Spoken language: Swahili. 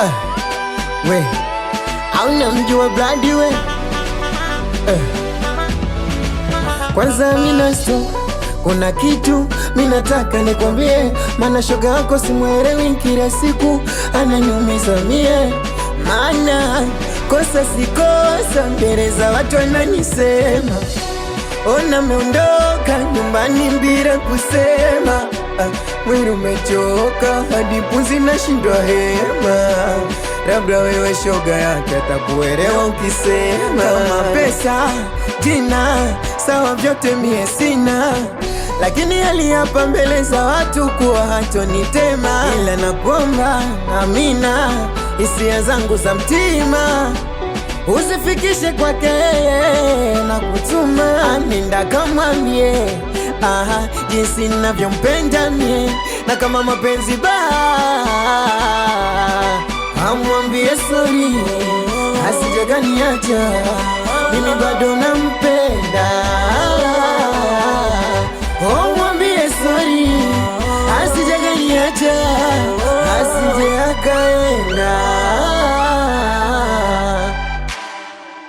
uh, we au namjua Bladi we uh. Kwanza minasto kuna kitu minataka nikwambie, Mana shoga wako simwelewi, kila siku ananiumiza mie, Mana kosa sikosa mbele za watu wananisema, ona meondoka nyumbani bila kusema mwili umechoka hadi pumzi nashindwa hema. Labda wewe shoga yake atakuelewa ukisema, kama pesa jina sawa, vyote mie sina lakini aliapa mbele za watu kuwa hatonitema, ila napomba amina, hisia zangu za mtima usifikishe kwake, na kutuma aninda kamwambie aha, jinsi navyompenda mie na kama mapenzi ba amwambie sori asijaganiacha mimi bado nampenda omwambie sori asijaganiacha